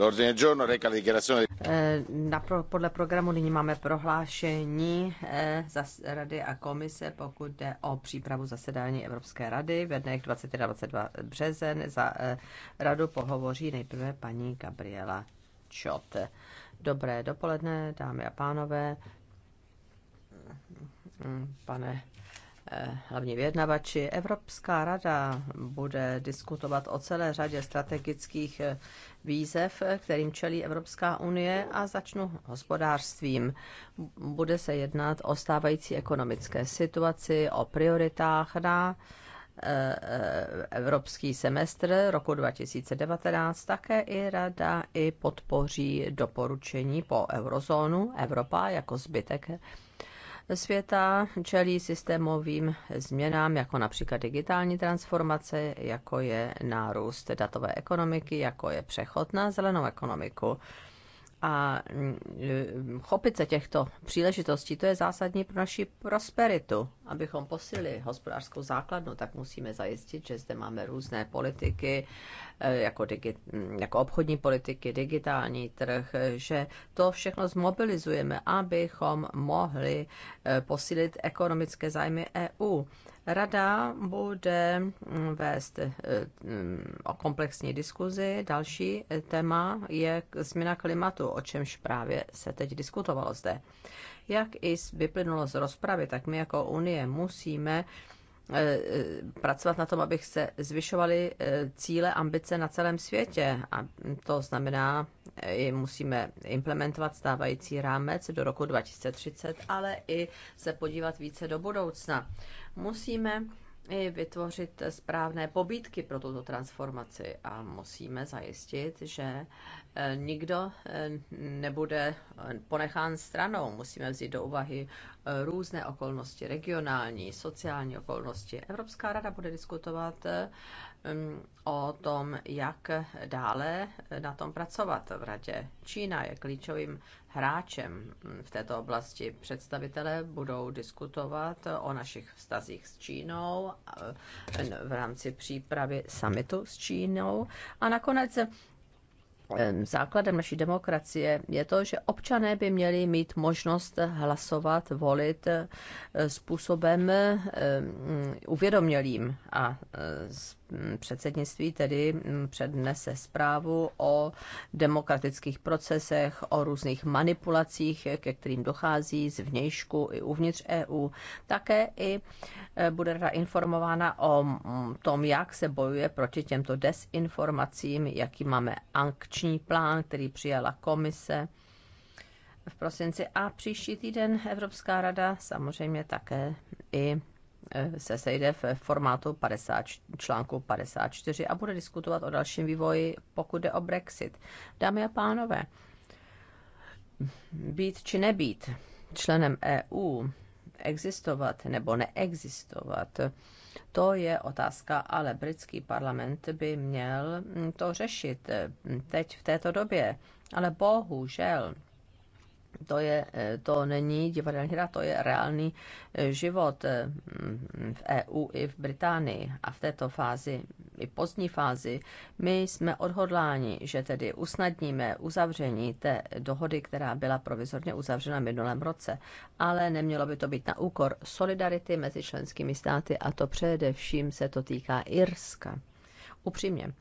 Eh, podle programu nyní máme prohlášení eh, Rady a komise, pokud jde o přípravu zasedání Evropské rady ve dnech 22. březen. Za eh, radu pohovoří nejprve paní Gabriela Čot. Dobré dopoledne, dámy a pánové. Mm, pane Eh, hlavní vyjednavači. Evropská rada bude diskutovat o celé řadě strategických eh, výzev, kterým čelí Evropská unie a začnu hospodářstvím. Bude se jednat o stávající ekonomické situaci, o prioritách na eh, evropský semestr roku 2019 také i rada i podpoří doporučení po eurozónu Evropa jako zbytek světa čelí systémovým změnám, jako například digitální transformace, jako je nárůst datové ekonomiky, jako je přechod na zelenou ekonomiku. A mm, chopit se těchto příležitostí, to je zásadní pro naši prosperitu. Abychom posili hospodářskou základnu, tak musíme zajistit, že zde máme různé politiky, Eh, jako, digi, mm, jako obchodní politiky, digitální trh, že to všechno zmobilizujeme, abychom mohli eh, posílit ekonomické zájmy EU. Rada bude mm, vést eh, mm, o komplexní diskuzi. Další téma je změna klimatu, o čemž právě se teď diskutovalo zde. Jak i vyplynulo z rozpravy, tak my jako Unie musíme uh, Eh, eh, pracovat na tom, abych se zvyšovaly eh, cíle, ambice na celém světě. A to znamená, musíme implementovat stávající rámec do roku 2030, ale i se podívat více do budoucna. Musíme i vytvořit správné pobídky pro tuto transformaci a musíme zajistit, že Eh, nikdo eh, nebude eh, ponechán stranou. Musíme vzít do úvahy různé okolnosti, regionální, sociální okolnosti. Evropská rada bude diskutovat mm, o tom, jak dále na tom pracovat v radě. Čína je klíčovým hráčem mm, v této oblasti. Představitelé budou diskutovat o našich vztazích s Čínou v rámci přípravy summitu s Čínou. A nakonec základem naší demokracie je to, že občané by měli mít možnost hlasovat, volit eh, způsobem eh, mm, uvědomělým a eh, Mm, předsednictví tedy mm, přednese zprávu o demokratických procesech, o různých manipulacích, ke kterým dochází z vnějšku i uvnitř EU. Také i e, bude rada informována o mm, tom, jak se bojuje proti těmto desinformacím, jaký máme ankční plán, který přijala komise v prosinci a příští týden Evropská rada samozřejmě také i se sejde v formátu 50, článku 54 a bude diskutovat o dalším vývoji, pokud jde o Brexit. Dámy a pánové, být či nebýt členem EU, existovat nebo neexistovat, to je otázka, ale britský parlament by měl to řešit teď v této době. Ale bohužel to, je, eh, to není divadelní hra, to je reálný eh, život eh, mm, v EU i v Británii. A v této fázi, i pozdní fázi, my jsme odhodláni, že tedy usnadníme uzavření té dohody, která byla provizorně uzavřena v minulém roce. Ale nemělo by to být na úkor solidarity mezi členskými státy a to především se to týká Irska. Upřímně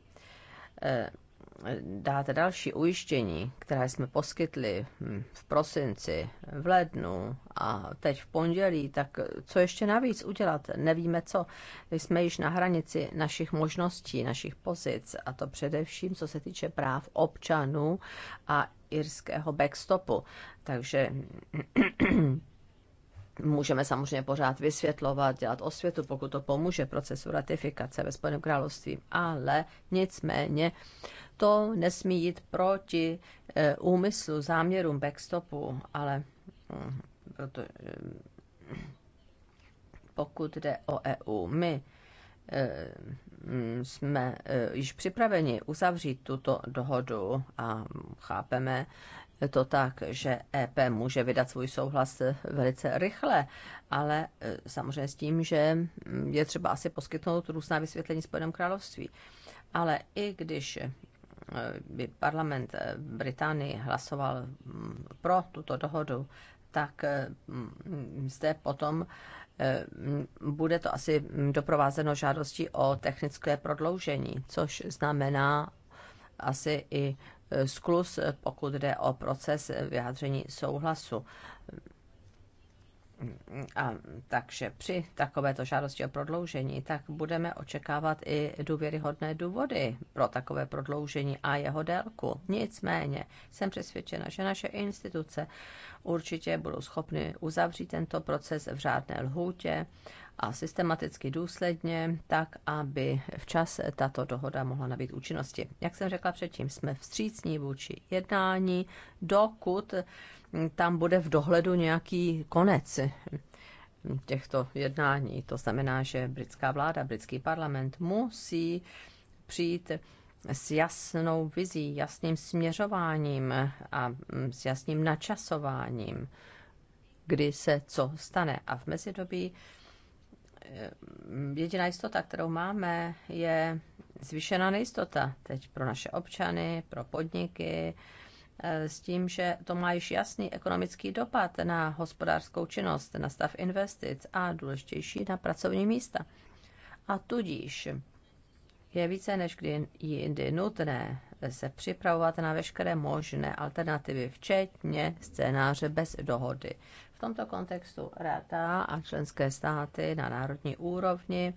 dáte další ujištění, které jsme poskytli hm, v prosinci, v lednu a teď v pondělí, tak co ještě navíc udělat? Nevíme co. Jsme již na hranici našich možností, našich pozic a to především, co se týče práv občanů a irského backstopu. Takže Můžeme samozřejmě pořád vysvětlovat, dělat osvětu, pokud to pomůže procesu ratifikace ve Spojeném království, ale nicméně to nesmí jít proti eh, úmyslu, záměrům backstopu, ale mm, proto, eh, pokud jde o EU, my eh, mm, jsme již připraveni uzavřít tuto dohodu a chápeme, to tak, že EP může vydat svůj souhlas velice rychle, ale e, samozřejmě s tím, že mm, je třeba asi poskytnout různá vysvětlení Spojeném království. Ale i když e, by parlament e, Británie hlasoval mm, pro tuto dohodu, tak mm, zde potom bude to asi doprovázeno žádostí o technické prodloužení, což znamená asi i sklus, pokud jde o proces vyjádření souhlasu. A, takže při takovéto žádosti o prodloužení, tak budeme očekávat i důvěryhodné důvody pro takové prodloužení a jeho délku. Nicméně jsem přesvědčena, že naše instituce určitě budou schopny uzavřít tento proces v řádné lhůtě a systematicky důsledně, tak aby včas tato dohoda mohla nabít účinnosti. Jak jsem řekla předtím, jsme vstřícní vůči jednání, dokud tam bude v dohledu nějaký konec těchto jednání. To znamená, že britská vláda, britský parlament musí přijít s jasnou vizí, jasným směřováním a s jasným načasováním, kdy se co stane. A v mezidobí jediná jistota, kterou máme, je zvýšená nejistota teď pro naše občany, pro podniky, eh, s tím, že to má již jasný ekonomický dopad na hospodářskou činnost, na stav investic a důležitější na pracovní místa. A tudíž je více než kdy jindy nutné se připravovat na veškeré možné alternativy, včetně scénáře bez dohody. V tomto kontextu rada a členské státy na národní úrovni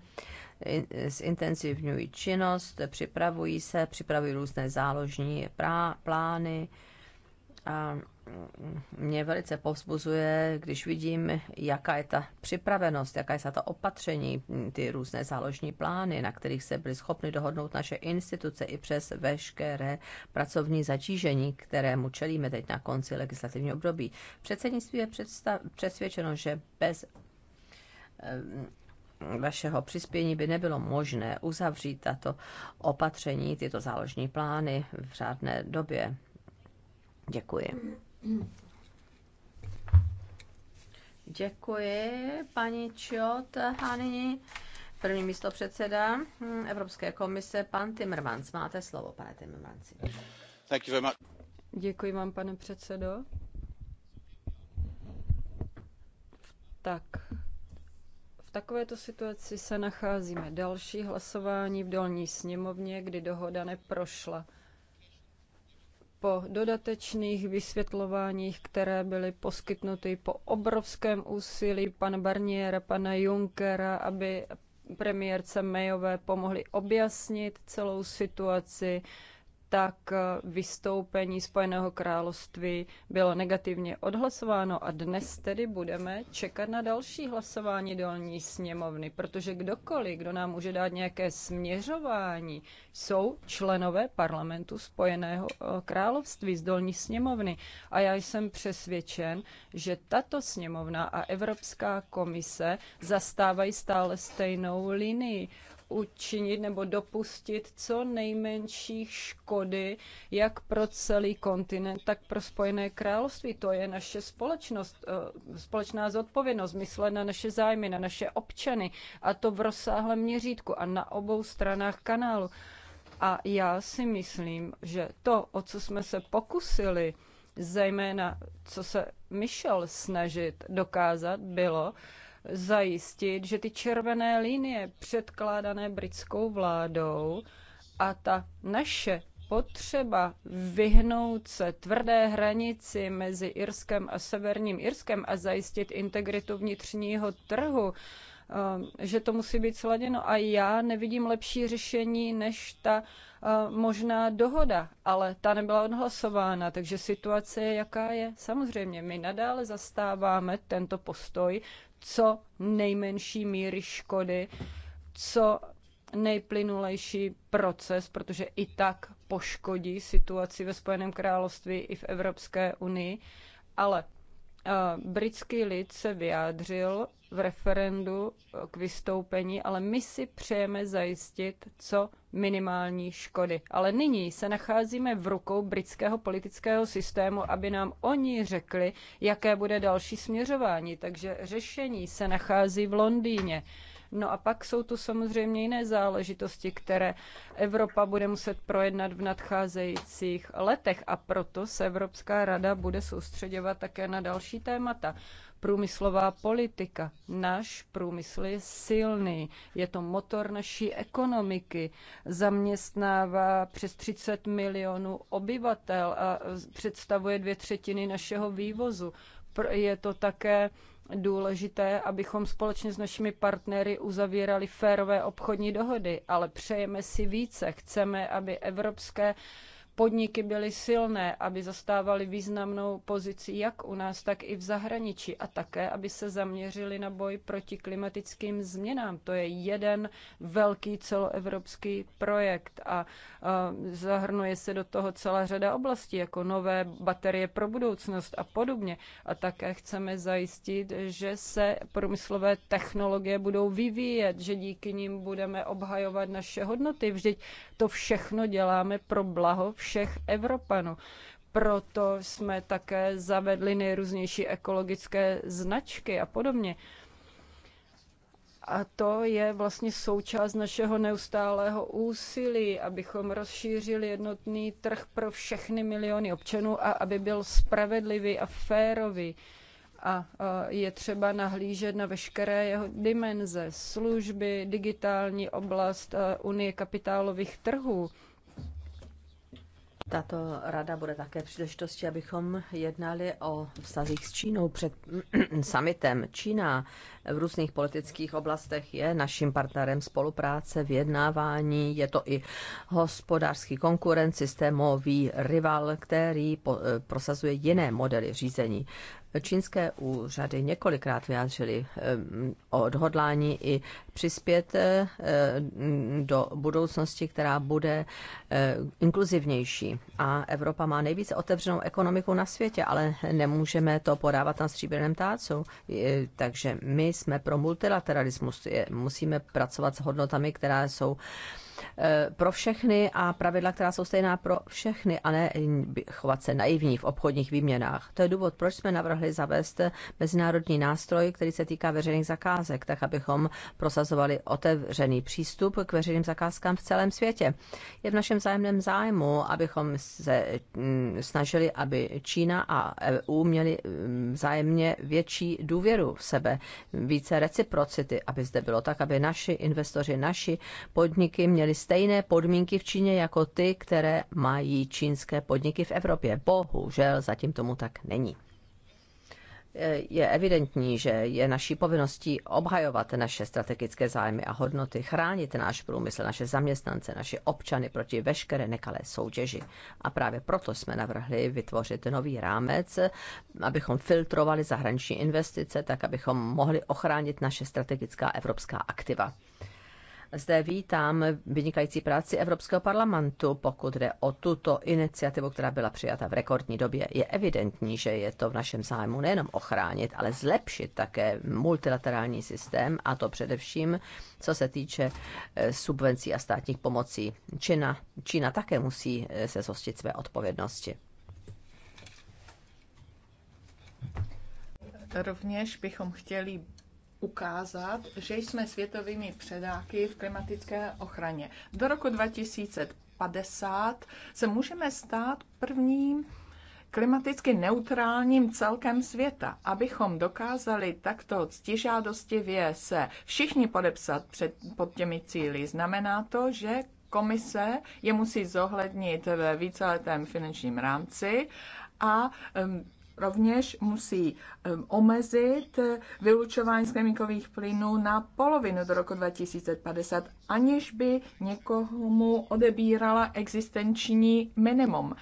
zintenzivňují činnost, připravují se, připravují různé záložní plány a mě velice povzbuzuje, když vidím, jaká je ta připravenost, jaká je ta opatření, ty různé záložní plány, na kterých se byly schopny dohodnout naše instituce i přes veškeré pracovní zatížení, kterému čelíme teď na konci legislativního období. Předsednictví je představ, přesvědčeno, že bez eh, vašeho přispění by nebylo možné uzavřít tato opatření, tyto záložní plány v řádné době. Děkuji. Děkuji, paní čot, Hanini, první místo předseda Evropské komise, pan Timmermans. Máte slovo, pane Timmermans. Děkuji vám, pane předsedo. Tak, v takovéto situaci se nacházíme. Další hlasování v dolní sněmovně, kdy dohoda neprošla po dodatečných vysvětlováních, které byly poskytnuty po obrovském úsilí pana Barniera, pana Junckera, aby premiérce Mayové pomohli objasnit celou situaci, tak eh, vystoupení Spojeného království bylo negativně odhlasováno a dnes tedy budeme čekat na další hlasování dolní sněmovny, protože kdokoliv, kdo nám může dát nějaké směřování, jsou členové parlamentu Spojeného eh, království z dolní sněmovny. A já jsem přesvědčen, že tato sněmovna a Evropská komise zastávají stále stejnou linii učinit nebo dopustit co nejmenší škody, jak pro celý kontinent, tak pro Spojené království. To je naše společnost, eh, společná zodpovědnost, myslet na naše zájmy, na naše občany a to v rozsáhlém měřítku a na obou stranách kanálu. A já si myslím, že to, o co jsme se pokusili, zejména co se Michel snažit dokázat, bylo, zajistit, že ty červené linie předkládané britskou vládou a ta naše potřeba vyhnout se tvrdé hranici mezi Irskem a Severním Irskem a zajistit integritu vnitřního trhu, um, že to musí být sladěno. A já nevidím lepší řešení než ta uh, možná dohoda, ale ta nebyla odhlasována, takže situace je, jaká je. Samozřejmě, my nadále zastáváme tento postoj, co nejmenší míry škody, co nejplynulejší proces, protože i tak poškodí situaci ve Spojeném království i v Evropské unii. Ale britský lid se vyjádřil v referendu k vystoupení, ale my si přejeme zajistit co minimální škody. Ale nyní se nacházíme v rukou britského politického systému, aby nám oni řekli, jaké bude další směřování. Takže řešení se nachází v Londýně. No a pak jsou tu samozřejmě jiné záležitosti, které Evropa bude muset projednat v nadcházejících letech a proto se Evropská rada bude soustředěvat také na další témata. Průmyslová politika. Náš průmysl je silný, je to motor naší ekonomiky, zaměstnává přes 30 milionů obyvatel a představuje dvě třetiny našeho vývozu. Je to také důležité, abychom společně s našimi partnery uzavírali férové obchodní dohody, ale přejeme si více. Chceme, aby evropské podniky byly silné, aby zastávaly významnou pozici jak u nás, tak i v zahraničí a také, aby se zaměřili na boj proti klimatickým změnám. To je jeden velký celoevropský projekt a, zahrnuje se do toho celá řada oblastí, jako nové baterie pro budoucnost a podobně. A také chceme zajistit, že se průmyslové technologie budou vyvíjet, že díky nim budeme obhajovat naše hodnoty. Vždyť to všechno děláme pro blaho všech všech Evropanů. Proto jsme také zavedli nejrůznější ekologické značky a podobně. A to je vlastně součást našeho neustálého úsilí, abychom rozšířili jednotný trh pro všechny miliony občanů a aby byl spravedlivý a férový. A je třeba nahlížet na veškeré jeho dimenze, služby, digitální oblast Unie kapitálových trhů. Tato rada bude také příležitostí, abychom jednali o vztazích s Čínou před summitem. Čína v různých politických oblastech je naším partnerem spolupráce, vyjednávání, je to i hospodářský konkurent, systémový rival, který eh, prosazuje jiné modely řízení čínské úřady několikrát vyjádřily eh, odhodlání i přispět eh, do budoucnosti, která bude eh, inkluzivnější. A Evropa má nejvíce otevřenou ekonomiku na světě, ale nemůžeme to podávat na stříbrném tácu. Takže my jsme pro multilateralismus, musíme pracovat s hodnotami, které jsou Eh, pro všechny a pravidla, která jsou stejná pro všechny a ne chovat se naivní v obchodních výměnách. To je důvod, proč jsme navrhli zavést mezinárodní nástroj, který se týká veřejných zakázek, tak abychom prosazovali otevřený přístup k veřejným zakázkám v celém světě. Je v našem zájemném zájmu, abychom se mm, snažili, aby Čína a EU měli mm, vzájemně větší důvěru v sebe, více reciprocity, aby zde bylo tak, aby naši investoři, naši podniky měli měli stejné podmínky v Číně jako ty, které mají čínské podniky v Evropě. Bohužel zatím tomu tak není je evidentní, že je naší povinností obhajovat naše strategické zájmy a hodnoty, chránit náš průmysl, naše zaměstnance, naše občany proti veškeré nekalé soutěži. A právě proto jsme navrhli vytvořit nový rámec, abychom filtrovali zahraniční investice, tak abychom mohli ochránit naše strategická evropská aktiva. Zde vítám vynikající práci Evropského parlamentu, pokud jde o tuto iniciativu, která byla přijata v rekordní době. Je evidentní, že je to v našem zájmu nejenom ochránit, ale zlepšit také multilaterální systém, a to především co se týče eh, subvencí a státních pomocí. Čína, Čína také musí eh, se zhostit své odpovědnosti. Rovněž bychom chtěli ukázat, že jsme světovými předáky v klimatické ochraně. Do roku 2050 se můžeme stát prvním klimaticky neutrálním celkem světa. Abychom dokázali takto ctižádostivě se všichni podepsat před, pod těmi cíly, znamená to, že komise je musí zohlednit ve víceletém finančním rámci a um, Rovněž musí um, omezit eh, vylučování skleníkových plynů na polovinu do roku 2050, aniž by někomu odebírala existenční minimum.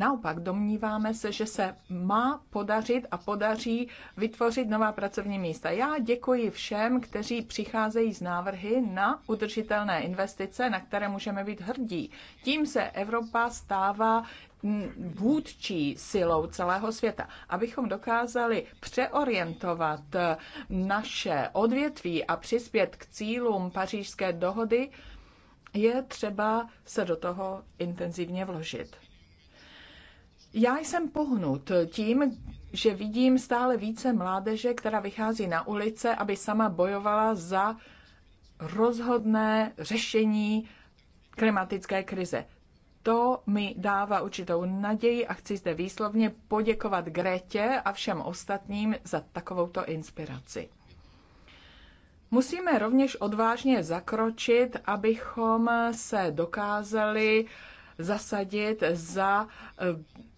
Naopak domníváme se, že se má podařit a podaří vytvořit nová pracovní místa. Já děkuji všem, kteří přicházejí z návrhy na udržitelné investice, na které můžeme být hrdí. Tím se Evropa stává mm, vůdčí silou celého světa, abychom dokázali přeorientovat eh, naše odvětví a přispět k cílům pařížské dohody, je třeba se do toho intenzivně vložit. Já jsem pohnut tím, že vidím stále více mládeže, která vychází na ulice, aby sama bojovala za rozhodné řešení klimatické krize. To mi dává určitou naději a chci zde výslovně poděkovat Gretě a všem ostatním za takovouto inspiraci. Musíme rovněž odvážně zakročit, abychom se dokázali zasadit za eh,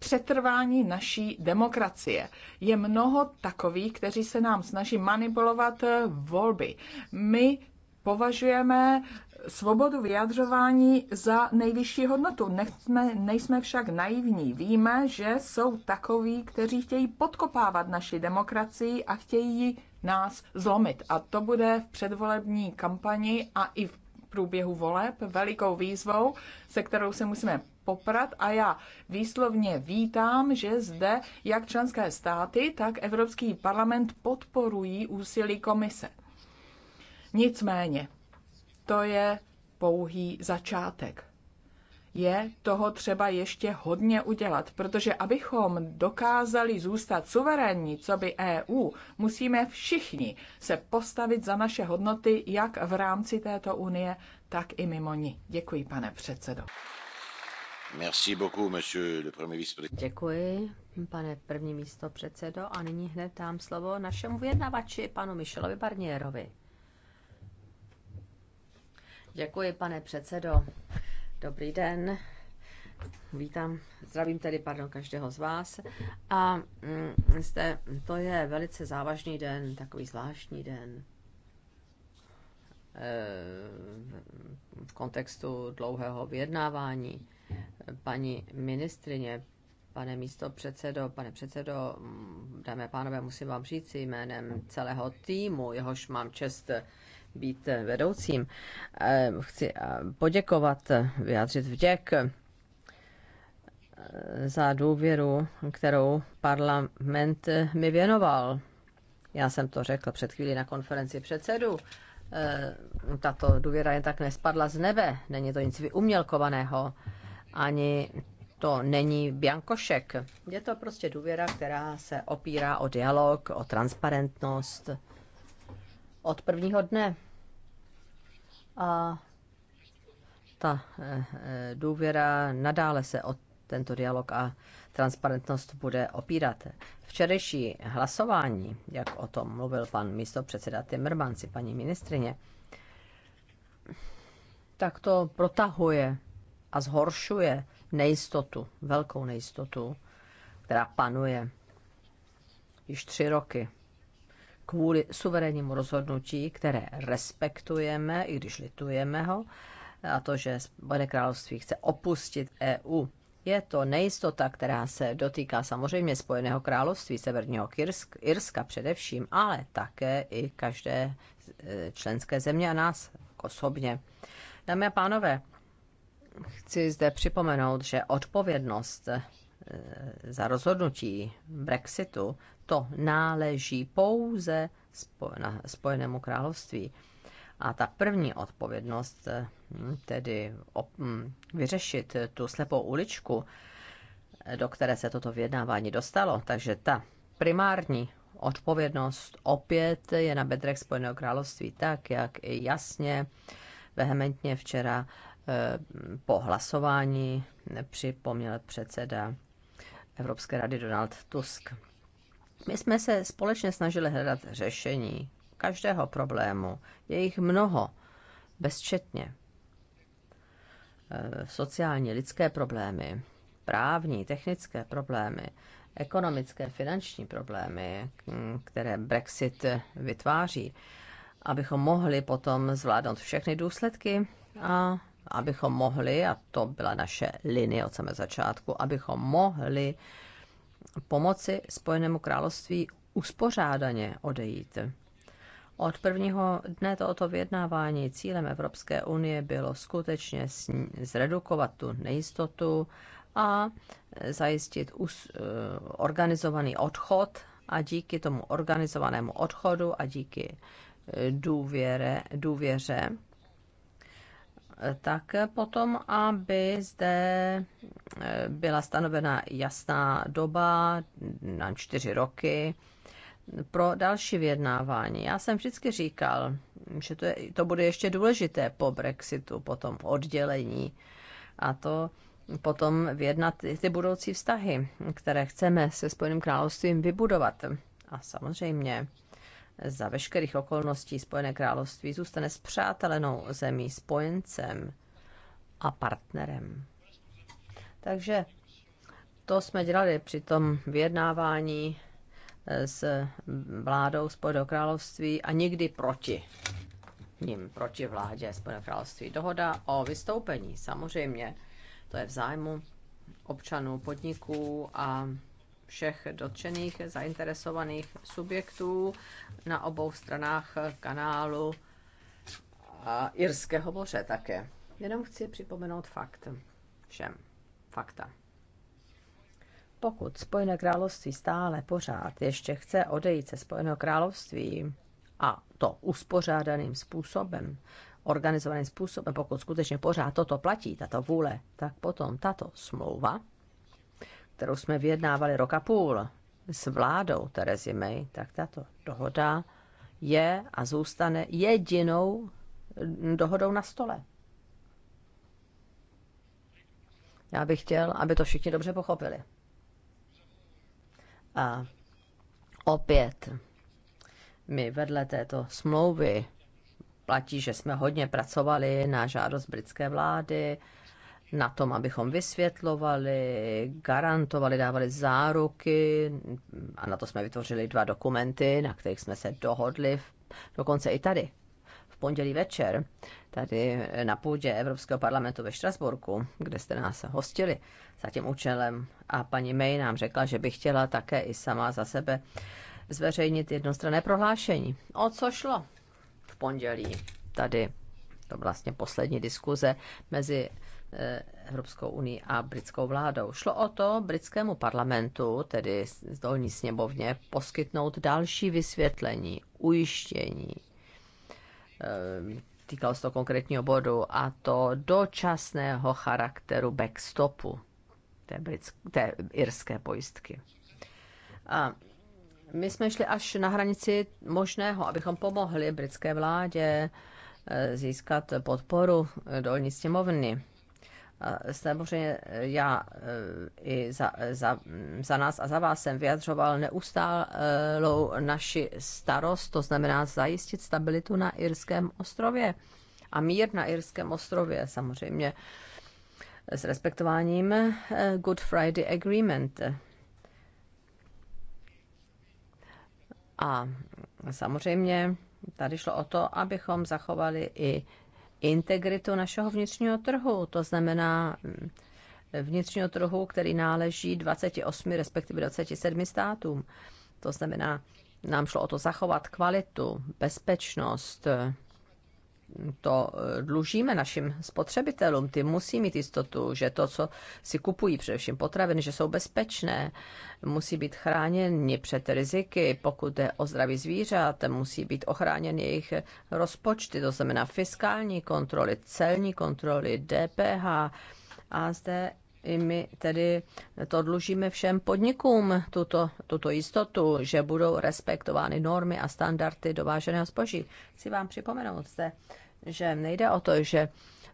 přetrvání naší demokracie. Je mnoho takových, kteří se nám snaží manipulovat eh, volby. My považujeme svobodu vyjadřování za nejvyšší hodnotu. Nechme, nejsme však naivní. Víme, že jsou takoví, kteří chtějí podkopávat naši demokracii a chtějí nás zlomit. A to bude v předvolební kampani a i v průběhu voleb velikou výzvou, se kterou se musíme poprat a já výslovně vítám, že zde jak členské státy, tak Evropský parlament podporují úsilí komise. Nicméně, to je pouhý začátek. Je toho třeba ještě hodně udělat, protože abychom dokázali zůstat suverénní, co by EU, musíme všichni se postavit za naše hodnoty jak v rámci této unie, tak i mimo ní. Děkuji, pane předsedo. Děkuji, pane první místo předsedo. A nyní hned dám slovo našemu vyjednavači, panu Michelovi Barnierovi. Děkuji, pane předsedo. Dobrý den. Vítám, zdravím tedy, pardon, každého z vás. A mm, jste, to je velice závažný den, takový zvláštní den e, v kontextu dlouhého vyjednávání paní ministrině, pane místo předsedo, pane předsedo, dámy a pánové, musím vám říct jménem celého týmu, jehož mám čest být vedoucím. Eh, chci eh, poděkovat, vyjádřit vděk eh, za důvěru, kterou parlament mi věnoval. Já jsem to řekl před chvílí na konferenci předsedu. Tato důvěra jen tak nespadla z nebe, není to nic vyumělkovaného ani to není biankošek. Je to prostě důvěra, která se opírá o dialog, o transparentnost od prvního dne. A ta eh, eh, důvěra nadále se o tento dialog a transparentnost bude opírat. Včerejší hlasování, jak o tom mluvil pan místopředseda Timmermans i paní ministrině, tak to protahuje a zhoršuje nejistotu, velkou nejistotu, která panuje již tři roky kvůli suverénnímu rozhodnutí, které respektujeme, i když litujeme ho, a to, že Spojené království chce opustit EU. Je to nejistota, která se dotýká samozřejmě Spojeného království, Severního Kirsk, Irska především, ale také i každé e, členské země a nás osobně. Dámy a pánové, chci zde připomenout, že odpovědnost eh, za rozhodnutí Brexitu to náleží pouze na Spojenému království. A ta první odpovědnost, eh, tedy hm, vyřešit tu slepou uličku, eh, do které se toto vyjednávání dostalo, takže ta primární odpovědnost opět je na bedrech Spojeného království, tak jak i jasně vehementně včera Eh, po hlasování připomněl předseda Evropské rady Donald Tusk. My jsme se společně snažili hledat řešení každého problému. Je jich mnoho, bezčetně. Eh, sociální, lidské problémy, právní, technické problémy, ekonomické, finanční problémy, hm, které Brexit vytváří, abychom mohli potom zvládnout všechny důsledky a abychom mohli, a to byla naše linie od samého začátku, abychom mohli pomoci Spojenému království uspořádaně odejít. Od prvního dne tohoto vyjednávání cílem Evropské unie bylo skutečně zredukovat tu nejistotu a zajistit eh, organizovaný odchod a díky tomu organizovanému odchodu a díky eh, důvěre, důvěře tak potom, aby zde eh, byla stanovena jasná doba na čtyři roky pro další vyjednávání. Já jsem vždycky říkal, že to, je, to bude ještě důležité po Brexitu, potom v oddělení a to potom vyjednat ty budoucí vztahy, které chceme se Spojeným královstvím vybudovat. A samozřejmě za veškerých okolností Spojené království zůstane spřátelenou zemí, spojencem a partnerem. Takže to jsme dělali při tom vyjednávání eh, s vládou Spojeného království a nikdy proti ním, proti vládě Spojeného království. Dohoda o vystoupení, samozřejmě, to je v zájmu občanů, podniků a všech dotčených zainteresovaných subjektů na obou stranách kanálu a Irského moře také. Jenom chci připomenout fakt všem. Fakta. Pokud Spojené království stále pořád ještě chce odejít ze Spojeného království a to uspořádaným způsobem, organizovaným způsobem, pokud skutečně pořád toto platí, tato vůle, tak potom tato smlouva kterou jsme vyjednávali rok a půl s vládou Terezy May, tak tato dohoda je a zůstane jedinou dohodou na stole. Já bych chtěl, aby to všichni dobře pochopili. A opět, my vedle této smlouvy platí, že jsme hodně pracovali na žádost britské vlády, na tom, abychom vysvětlovali, garantovali, dávali záruky a na to jsme vytvořili dva dokumenty, na kterých jsme se dohodli, dokonce i tady, v pondělí večer, tady na půdě Evropského parlamentu ve Štrasburku, kde jste nás hostili za tím účelem a paní May nám řekla, že by chtěla také i sama za sebe zveřejnit jednostranné prohlášení. O co šlo v pondělí tady? To vlastně poslední diskuze mezi Eh, Evropskou unii a britskou vládou. Šlo o to britskému parlamentu, tedy dolní sněmovně, poskytnout další vysvětlení, ujištění. Eh, týkalo se to konkrétního bodu a to dočasného charakteru backstopu té, britské, té irské pojistky. A my jsme šli až na hranici možného, abychom pomohli britské vládě eh, získat podporu dolní sněmovny samozřejmě eh, já eh, i za, za, za nás a za vás jsem vyjadřoval neustálou naši starost, to znamená zajistit stabilitu na Irském ostrově a mír na Irském ostrově samozřejmě eh, s respektováním Good Friday Agreement. A samozřejmě tady šlo o to, abychom zachovali i integritu našeho vnitřního trhu, to znamená mm, vnitřního trhu, který náleží 28, respektive 27 státům. To znamená, nám šlo o to zachovat kvalitu, bezpečnost, to eh, dlužíme našim spotřebitelům. Ty musí mít jistotu, že to, co si kupují, především potraviny, že jsou bezpečné, musí být chráněni před riziky, pokud je o zdraví zvířat, musí být ochráněn jejich rozpočty, to znamená fiskální kontroly, celní kontroly, DPH. A zde i my tedy to dlužíme všem podnikům, tuto, tuto jistotu, že budou respektovány normy a standardy dováženého zboží. Chci vám připomenout zde, že nejde o to, že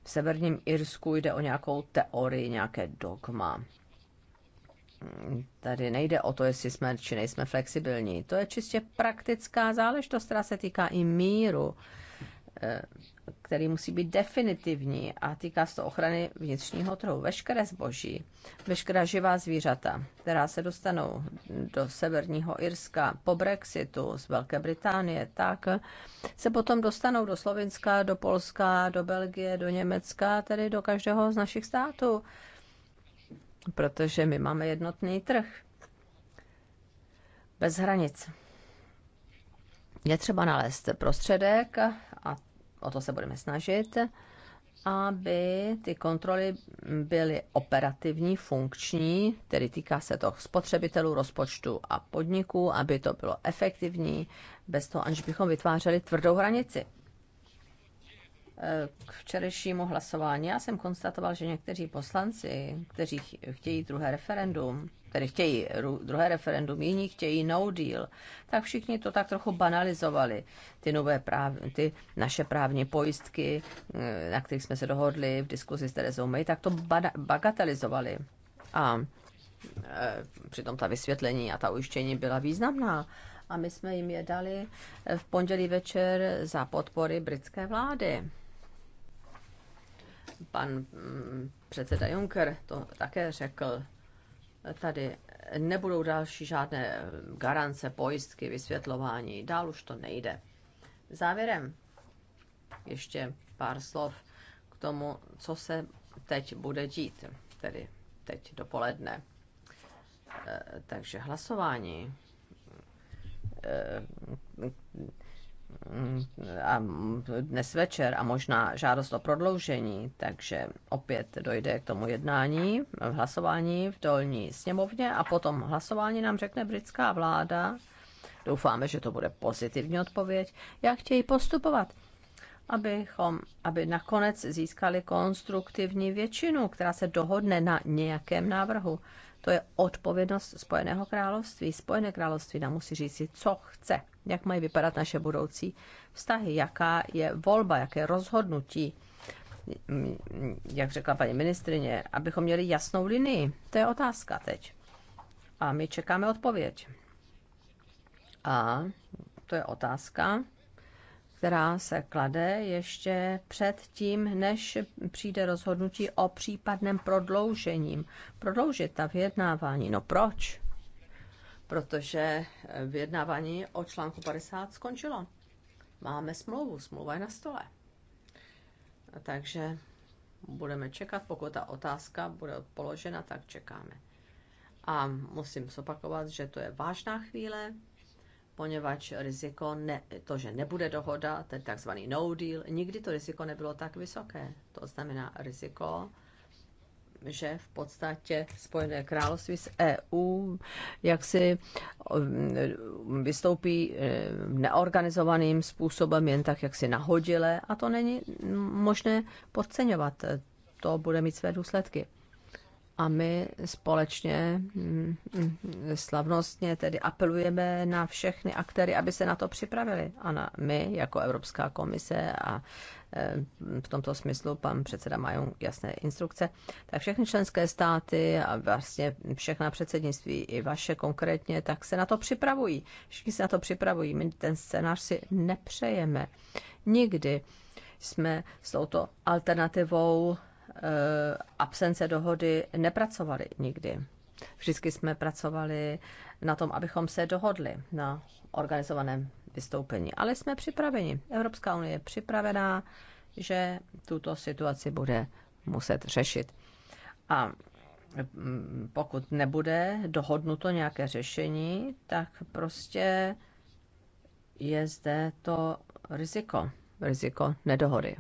v severním Irsku jde o nějakou teorii, nějaké dogma. Tady nejde o to, jestli jsme či nejsme flexibilní. To je čistě praktická záležitost, která se týká i míru který musí být definitivní a týká se to ochrany vnitřního trhu. Veškeré zboží, veškerá živá zvířata, která se dostanou do severního Irska po Brexitu z Velké Británie, tak se potom dostanou do Slovenska, do Polska, do Belgie, do Německa, tedy do každého z našich států, protože my máme jednotný trh bez hranic. Je třeba nalézt prostředek a o to se budeme snažit, aby ty kontroly byly operativní, funkční, tedy týká se to spotřebitelů, rozpočtu a podniků, aby to bylo efektivní, bez toho, aniž bychom vytvářeli tvrdou hranici k včerejšímu hlasování. Já jsem konstatoval, že někteří poslanci, kteří chtějí druhé referendum, tedy chtějí druhé referendum, jiní chtějí no deal, tak všichni to tak trochu banalizovali, ty nové práv, ty naše právní pojistky, eh, na kterých jsme se dohodli v diskuzi s Terezou May, tak to bagatelizovali. A eh, přitom ta vysvětlení a ta ujištění byla významná a my jsme jim je dali v pondělí večer za podpory britské vlády. Pan mm, předseda Juncker to také řekl. Tady nebudou další žádné garance, pojistky, vysvětlování. Dál už to nejde. Závěrem ještě pár slov k tomu, co se teď bude dít, tedy teď dopoledne. Eh, takže hlasování eh, a dnes večer a možná žádost o prodloužení, takže opět dojde k tomu jednání, hlasování v dolní sněmovně a potom hlasování nám řekne britská vláda. Doufáme, že to bude pozitivní odpověď, jak chtějí postupovat, abychom, aby nakonec získali konstruktivní většinu, která se dohodne na nějakém návrhu. To je odpovědnost Spojeného království. Spojené království nám musí říct, co chce jak mají vypadat naše budoucí vztahy, jaká je volba, jaké rozhodnutí, jak řekla paní ministrině, abychom měli jasnou linii. To je otázka teď. A my čekáme odpověď. A to je otázka, která se klade ještě před tím, než přijde rozhodnutí o případném prodloužením. Prodloužit ta vyjednávání. No proč? protože eh, vyjednávání o článku 50 skončilo. Máme smlouvu, smlouva je na stole. Takže budeme čekat, pokud ta otázka bude položena, tak čekáme. A musím zopakovat, že to je vážná chvíle, poněvadž riziko, ne, to, že nebude dohoda, ten takzvaný no deal, nikdy to riziko nebylo tak vysoké. To znamená riziko, že v podstatě Spojené království z EU jaksi mm, vystoupí mm, neorganizovaným způsobem, jen tak jaksi nahodile a to není možné podceňovat. To bude mít své důsledky a my společně mm, mm, slavnostně tedy apelujeme na všechny aktéry, aby se na to připravili. A na my jako Evropská komise a e, v tomto smyslu pan předseda mají jasné instrukce, tak všechny členské státy a vlastně všechna předsednictví i vaše konkrétně, tak se na to připravují. Všichni se na to připravují. My ten scénář si nepřejeme. Nikdy jsme s touto alternativou Eh, absence dohody nepracovali nikdy. Vždycky jsme pracovali na tom, abychom se dohodli na organizovaném vystoupení. Ale jsme připraveni. Evropská unie je připravená, že tuto situaci bude muset řešit. A mm, pokud nebude dohodnuto nějaké řešení, tak prostě je zde to riziko, riziko nedohody.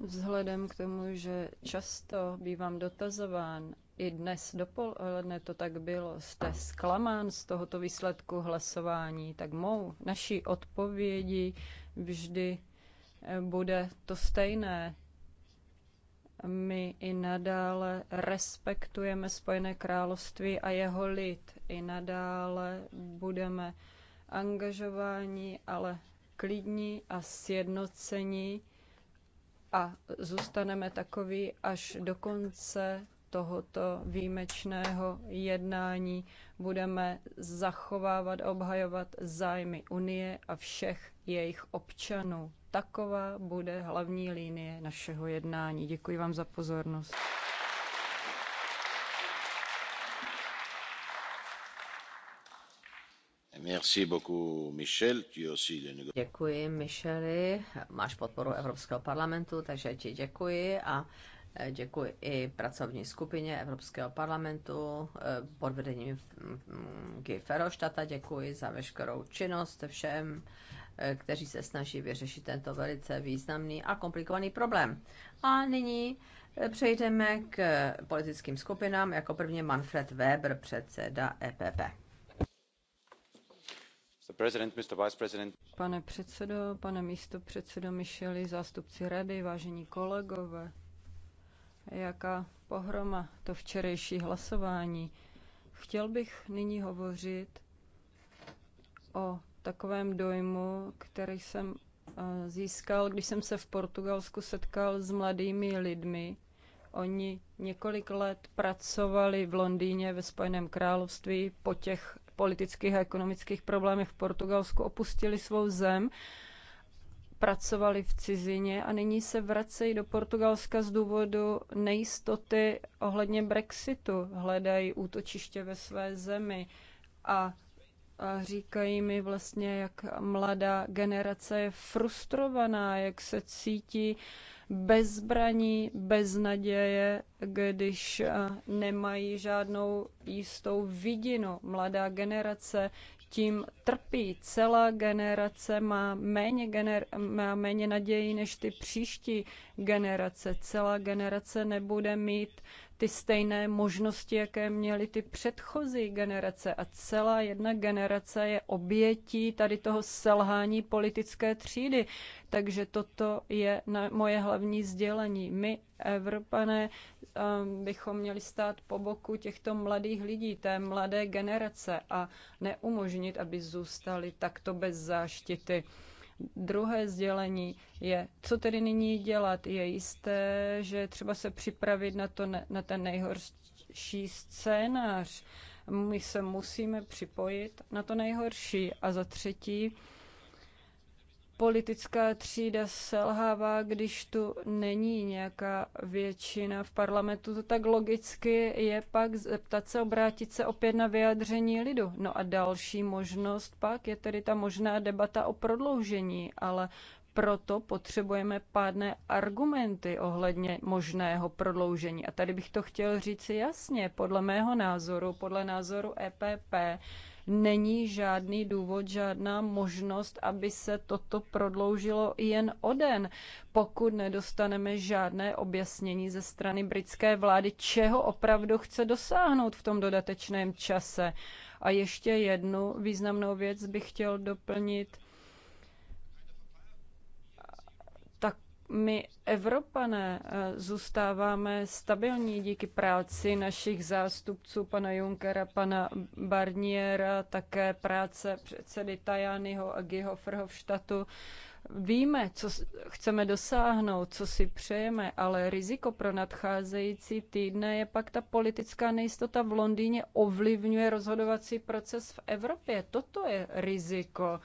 Vzhledem k tomu, že často bývám dotazován, i dnes dopoledne to tak bylo, jste zklamán z tohoto výsledku hlasování, tak mou naší odpovědi vždy eh, bude to stejné. My i nadále respektujeme Spojené království a jeho lid. I nadále budeme angažováni, ale klidní a sjednocení a zůstaneme takový až do konce tohoto výjimečného jednání budeme zachovávat a obhajovat zájmy Unie a všech jejich občanů. Taková bude hlavní linie našeho jednání. Děkuji vám za pozornost. Děkuji, Micheli. Máš podporu Evropského parlamentu, takže ti děkuji a eh, děkuji i pracovní skupině Evropského parlamentu eh, pod vedením mm, Guy Feroštata. Děkuji za veškerou činnost všem, eh, kteří se snaží vyřešit tento velice významný a komplikovaný problém. A nyní přejdeme k politickým skupinám. Jako první Manfred Weber, předseda EPP. Pane předsedo, pane místopředsedo Micheli, zástupci rady, vážení kolegové, jaká pohroma to včerejší hlasování. Chtěl bych nyní hovořit o takovém dojmu, který jsem eh, získal, když jsem se v Portugalsku setkal s mladými lidmi. Oni několik let pracovali v Londýně ve Spojeném království po těch politických a ekonomických problémech v Portugalsku, opustili svou zem, pracovali v cizině a nyní se vracejí do Portugalska z důvodu nejistoty ohledně Brexitu. Hledají útočiště ve své zemi a říkají mi vlastně, jak mladá generace je frustrovaná, jak se cítí bezbraní, bez naděje, když nemají žádnou jistou vidinu. Mladá generace tím trpí. Celá generace má méně, gener, má méně naději než ty příští generace. Celá generace nebude mít ty stejné možnosti, jaké měly ty předchozí generace. A celá jedna generace je obětí tady toho selhání politické třídy. Takže toto je moje hlavní sdělení. My, Evropané, um, bychom měli stát po boku těchto mladých lidí, té mladé generace a neumožnit, aby zůstali takto bez záštity. Druhé sdělení je, co tedy nyní dělat. Je jisté, že třeba se připravit na, to, na ten nejhorší scénář. My se musíme připojit na to nejhorší. A za třetí, politická třída selhává, když tu není nějaká většina v parlamentu. To tak logicky je pak zeptat se, obrátit se opět na vyjádření lidu. No a další možnost pak je tedy ta možná debata o prodloužení, ale proto potřebujeme pádné argumenty ohledně možného prodloužení. A tady bych to chtěl říct jasně, podle mého názoru, podle názoru EPP, není žádný důvod, žádná možnost, aby se toto prodloužilo jen o den, pokud nedostaneme žádné objasnění ze strany britské vlády, čeho opravdu chce dosáhnout v tom dodatečném čase. A ještě jednu významnou věc bych chtěl doplnit my Evropané eh, zůstáváme stabilní díky práci našich zástupců, pana Junkera, pana Barniera, také práce předsedy Tajányho a Giho Frhovštatu. Víme, co chceme dosáhnout, co si přejeme, ale riziko pro nadcházející týdne je pak ta politická nejistota v Londýně ovlivňuje rozhodovací proces v Evropě. Toto je riziko.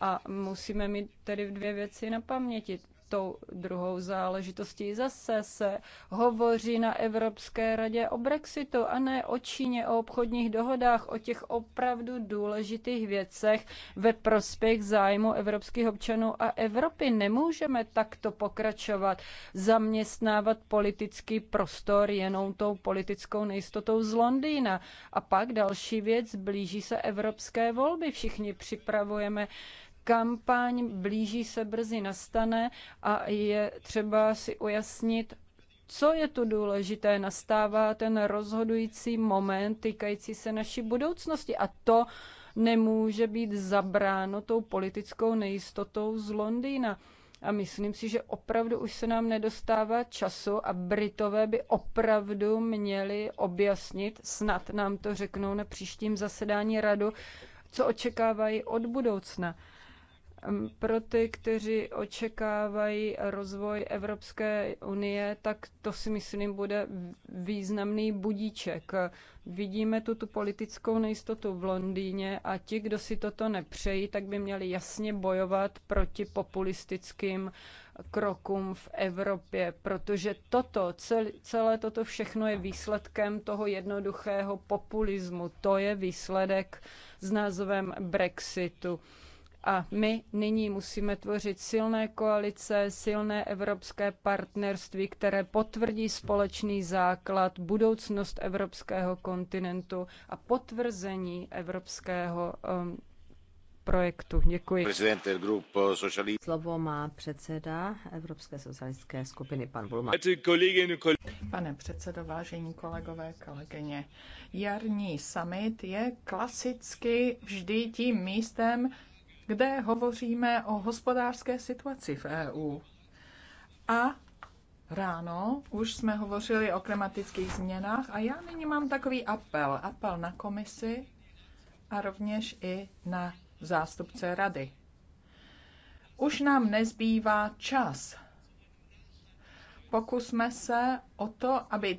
A musíme mít tedy dvě věci na paměti tou druhou záležitostí. Zase se hovoří na Evropské radě o Brexitu a ne o Číně, o obchodních dohodách, o těch opravdu důležitých věcech ve prospěch zájmu evropských občanů a Evropy. Nemůžeme takto pokračovat, zaměstnávat politický prostor jenom tou politickou nejistotou z Londýna. A pak další věc, blíží se evropské volby. Všichni připravujeme kampaň blíží se brzy nastane a je třeba si ujasnit, co je tu důležité, nastává ten rozhodující moment týkající se naší budoucnosti a to nemůže být zabráno tou politickou nejistotou z Londýna. A myslím si, že opravdu už se nám nedostává času a Britové by opravdu měli objasnit, snad nám to řeknou na příštím zasedání radu, co očekávají od budoucna. Pro ty, kteří očekávají rozvoj Evropské unie, tak to si myslím bude významný budíček. Vidíme tu, tu politickou nejistotu v Londýně a ti, kdo si toto nepřejí, tak by měli jasně bojovat proti populistickým krokům v Evropě, protože toto, celé toto všechno je výsledkem toho jednoduchého populismu. To je výsledek s názvem Brexitu. A my nyní musíme tvořit silné koalice, silné evropské partnerství, které potvrdí společný základ, budoucnost evropského kontinentu a potvrzení evropského um, projektu. Děkuji. Slovo má předseda Evropské socialistické skupiny, pan Bulman. Pane předsedo, vážení kolegové, kolegyně, jarní summit je klasicky vždy tím místem, kde hovoříme o hospodářské situaci v EU. A ráno už jsme hovořili o klimatických změnách a já nyní mám takový apel. Apel na komisi a rovněž i na zástupce rady. Už nám nezbývá čas. Pokusme se o to, aby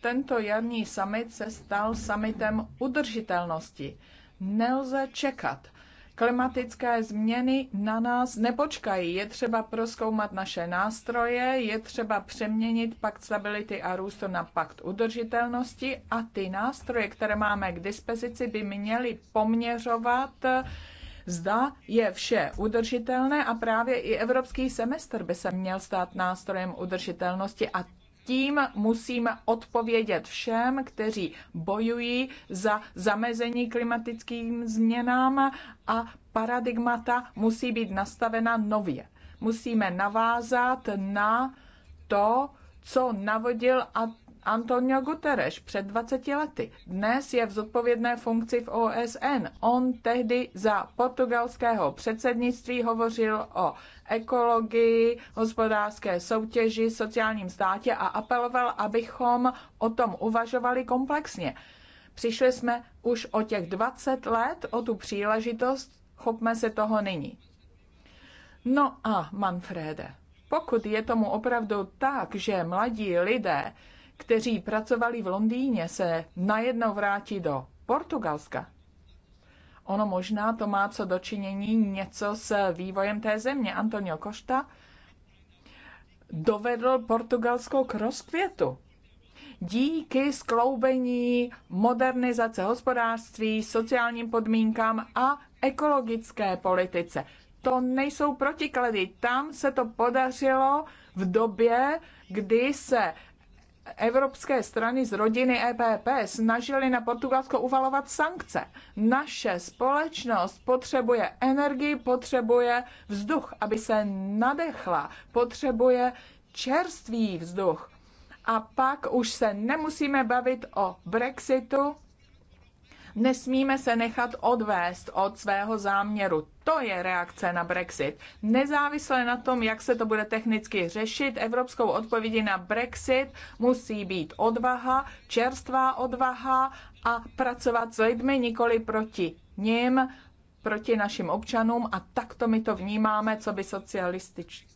tento jarní summit se stal summitem udržitelnosti. Nelze čekat. Klimatické změny na nás nepočkají. Je třeba proskoumat naše nástroje, je třeba přeměnit pakt stability a růstu na pakt udržitelnosti a ty nástroje, které máme k dispozici, by měly poměřovat Zda je vše udržitelné a právě i evropský semestr by se měl stát nástrojem udržitelnosti a tím musíme odpovědět všem, kteří bojují za zamezení klimatickým změnám a paradigmata musí být nastavena nově. Musíme navázat na to, co navodil a Antonio Guterres před 20 lety. Dnes je v zodpovědné funkci v OSN. On tehdy za portugalského předsednictví hovořil o ekologii, hospodářské soutěži, sociálním státě a apeloval, abychom o tom uvažovali komplexně. Přišli jsme už o těch 20 let o tu příležitost, chopme se toho nyní. No a Manfrede, pokud je tomu opravdu tak, že mladí lidé kteří pracovali v Londýně, se najednou vrátí do Portugalska, ono možná to má co dočinění něco s vývojem té země. Antonio Costa dovedl Portugalsko k rozkvětu. Díky skloubení modernizace hospodářství, sociálním podmínkám a ekologické politice. To nejsou protiklady. Tam se to podařilo v době, kdy se evropské strany z rodiny EPP snažily na Portugalsko uvalovat sankce. Naše společnost potřebuje energii, potřebuje vzduch, aby se nadechla, potřebuje čerstvý vzduch. A pak už se nemusíme bavit o Brexitu, Nesmíme se nechat odvést od svého záměru. To je reakce na Brexit. Nezávisle na tom, jak se to bude technicky řešit, evropskou odpovědi na Brexit musí být odvaha, čerstvá odvaha a pracovat s lidmi nikoli proti ním, proti našim občanům a takto my to vnímáme, co by socialistič,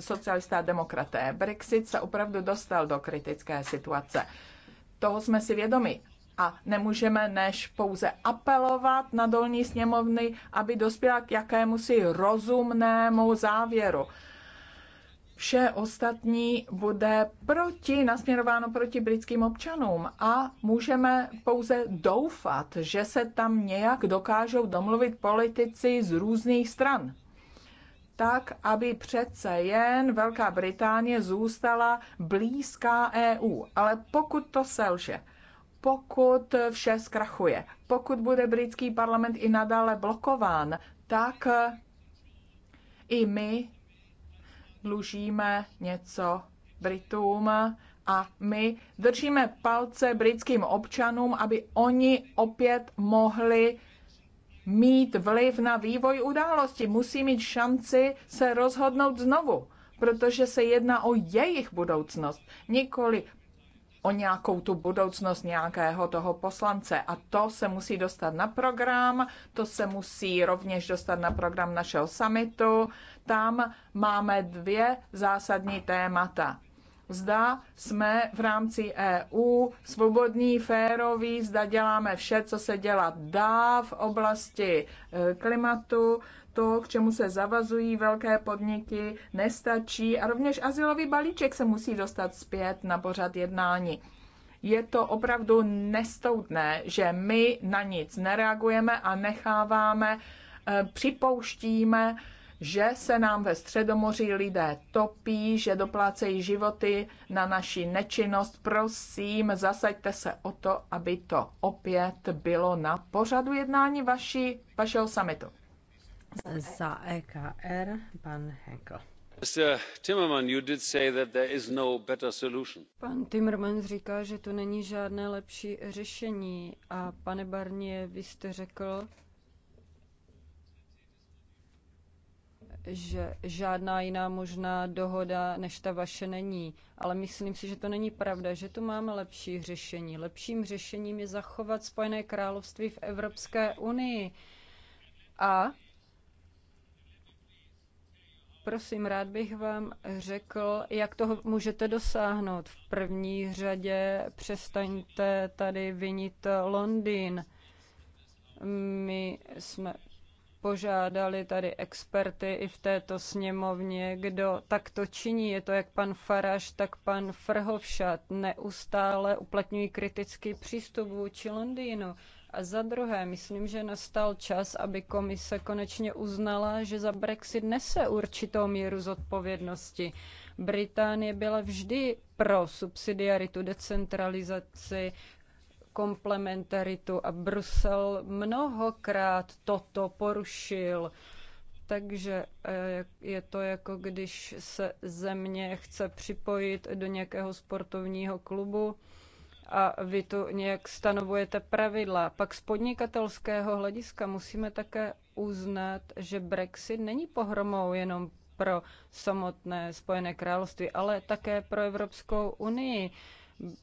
socialisté a demokraté. Brexit se opravdu dostal do kritické situace. Toho jsme si vědomi a nemůžeme než pouze apelovat na dolní sněmovny, aby dospěla k jakémusi rozumnému závěru. Vše ostatní bude proti, nasměrováno proti britským občanům a můžeme pouze doufat, že se tam nějak dokážou domluvit politici z různých stran tak, aby přece jen Velká Británie zůstala blízká EU. Ale pokud to selže, pokud vše zkrachuje, pokud bude britský parlament i nadále blokován, tak i my dlužíme něco Britům a my držíme palce britským občanům, aby oni opět mohli mít vliv na vývoj události. Musí mít šanci se rozhodnout znovu, protože se jedná o jejich budoucnost, nikoli o nějakou tu budoucnost nějakého toho poslance. A to se musí dostat na program, to se musí rovněž dostat na program našeho summitu. Tam máme dvě zásadní témata. Zda jsme v rámci EU svobodní, féroví, zda děláme vše, co se dělat dá v oblasti eh, klimatu, to, k čemu se zavazují velké podniky, nestačí a rovněž asilový balíček se musí dostat zpět na pořad jednání. Je to opravdu nestoudné, že my na nic nereagujeme a necháváme, eh, připouštíme, že se nám ve Středomoří lidé topí, že doplácejí životy na naši nečinnost. Prosím, zasaďte se o to, aby to opět bylo na pořadu jednání vaší, vašeho samitu. E pan Pan Timmermans říká, že to není žádné lepší řešení. A pane Barnier, vy jste řekl, že žádná jiná možná dohoda než ta vaše není. Ale myslím si, že to není pravda, že tu máme lepší řešení. Lepším řešením je zachovat Spojené království v Evropské unii. A Prosím, rád bych vám řekl, jak toho můžete dosáhnout. V první řadě přestaňte tady vinit Londýn. My jsme požádali tady experty i v této sněmovně, kdo takto činí. Je to jak pan Faraš, tak pan Frhovšat. Neustále uplatňují kritický přístup vůči Londýnu. A za druhé, myslím, že nastal čas, aby komise konečně uznala, že za Brexit nese určitou míru zodpovědnosti. Británie byla vždy pro subsidiaritu, decentralizaci, komplementaritu a Brusel mnohokrát toto porušil. Takže eh, je to jako když se země chce připojit do nějakého sportovního klubu, a vy tu nějak stanovujete pravidla. Pak z podnikatelského hlediska musíme také uznat, že Brexit není pohromou jenom pro samotné Spojené království, ale také pro Evropskou unii.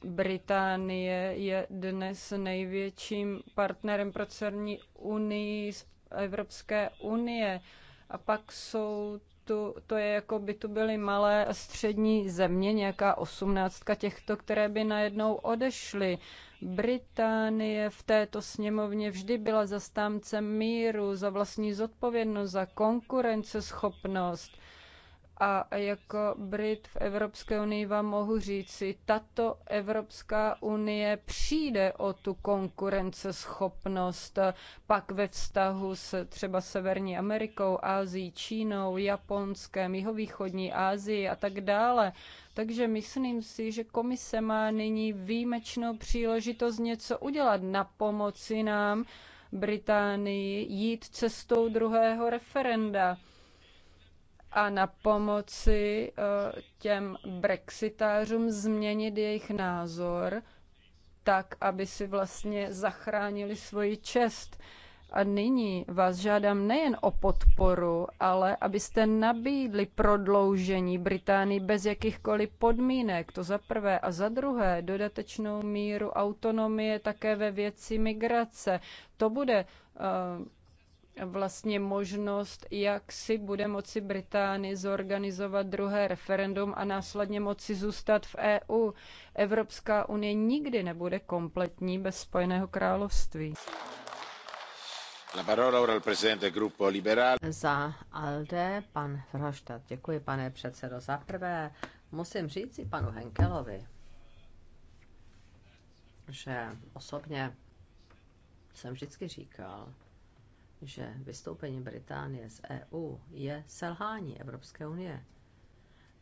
Británie je dnes největším partnerem pro celní unii Evropské unie. A pak jsou tu, to je jako by tu byly malé a střední země, nějaká osmnáctka těchto, které by najednou odešly. Británie v této sněmovně vždy byla zastámcem míru, za vlastní zodpovědnost, za konkurenceschopnost. A jako Brit v Evropské unii vám mohu říci, tato Evropská unie přijde o tu konkurenceschopnost pak ve vztahu s třeba Severní Amerikou, Ázií, Čínou, Japonskem, Jihovýchodní Ázii a tak dále. Takže myslím si, že komise má nyní výjimečnou příležitost něco udělat na pomoci nám, Británii, jít cestou druhého referenda a na pomoci eh, těm brexitářům změnit jejich názor tak, aby si vlastně zachránili svoji čest. A nyní vás žádám nejen o podporu, ale abyste nabídli prodloužení Británii bez jakýchkoliv podmínek, to za prvé, a za druhé dodatečnou míru autonomie také ve věci migrace. To bude uh, vlastně možnost, jak si bude moci Británie zorganizovat druhé referendum a následně moci zůstat v EU. Evropská unie nikdy nebude kompletní bez Spojeného království. Za ALDE pan Froštat. Děkuji, pane předsedo. Za prvé musím říct si panu Henkelovi, že osobně jsem vždycky říkal, že vystoupení Británie z EU je selhání Evropské unie.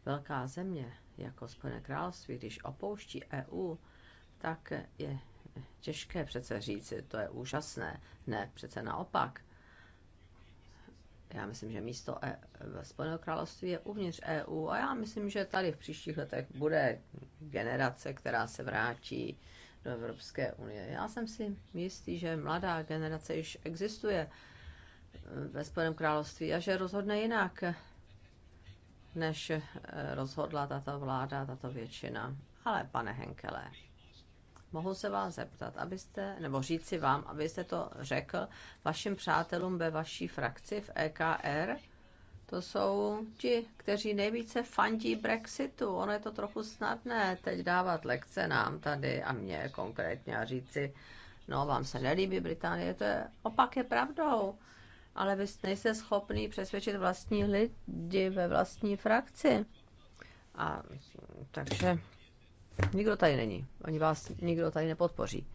Velká země, jako Spojené království, když opouští EU, tak je těžké přece říci, to je úžasné. Ne, přece naopak. Já myslím, že místo e- Spojeného království je uvnitř EU a já myslím, že tady v příštích letech bude generace, která se vrátí do Evropské unie. Já jsem si jistý, že mladá generace již existuje eh, ve Spojeném království a že rozhodne jinak, eh, než eh, rozhodla tato vláda, tato většina. Ale pane Henkele, mohu se vás zeptat, abyste, nebo říci vám, abyste to řekl vašim přátelům ve vaší frakci v EKR, to jsou ti, kteří nejvíce fandí Brexitu. Ono je to trochu snadné teď dávat lekce nám tady a mě konkrétně a říci, no vám se nelíbí Británie, to je opak je pravdou. Ale vy nejste schopný přesvědčit vlastní lidi ve vlastní frakci. A takže nikdo tady není. Oni vás nikdo tady nepodpoří.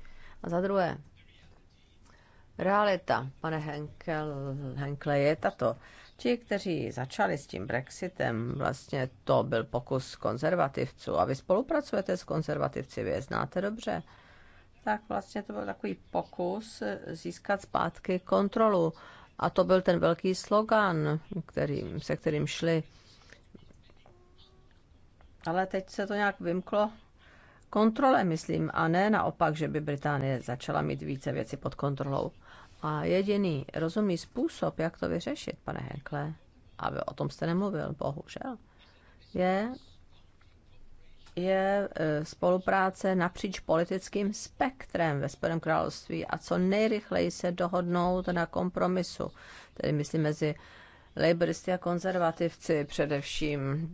A za druhé, realita, pane Henkel, Henkle, je tato Ti, kteří začali s tím Brexitem, vlastně to byl pokus konzervativců a vy spolupracujete s konzervativci, vy je znáte dobře, tak vlastně to byl takový pokus získat zpátky kontrolu. A to byl ten velký slogan, kterým, se kterým šli. Ale teď se to nějak vymklo kontrole, myslím, a ne naopak, že by Británie začala mít více věci pod kontrolou. A jediný rozumný způsob, jak to vyřešit, pane Hekle, aby o tom jste nemluvil, bohužel, je, je e, spolupráce napříč politickým spektrem ve Spojeném království a co nejrychleji se dohodnout na kompromisu, tedy myslím mezi laboristy a konzervativci především.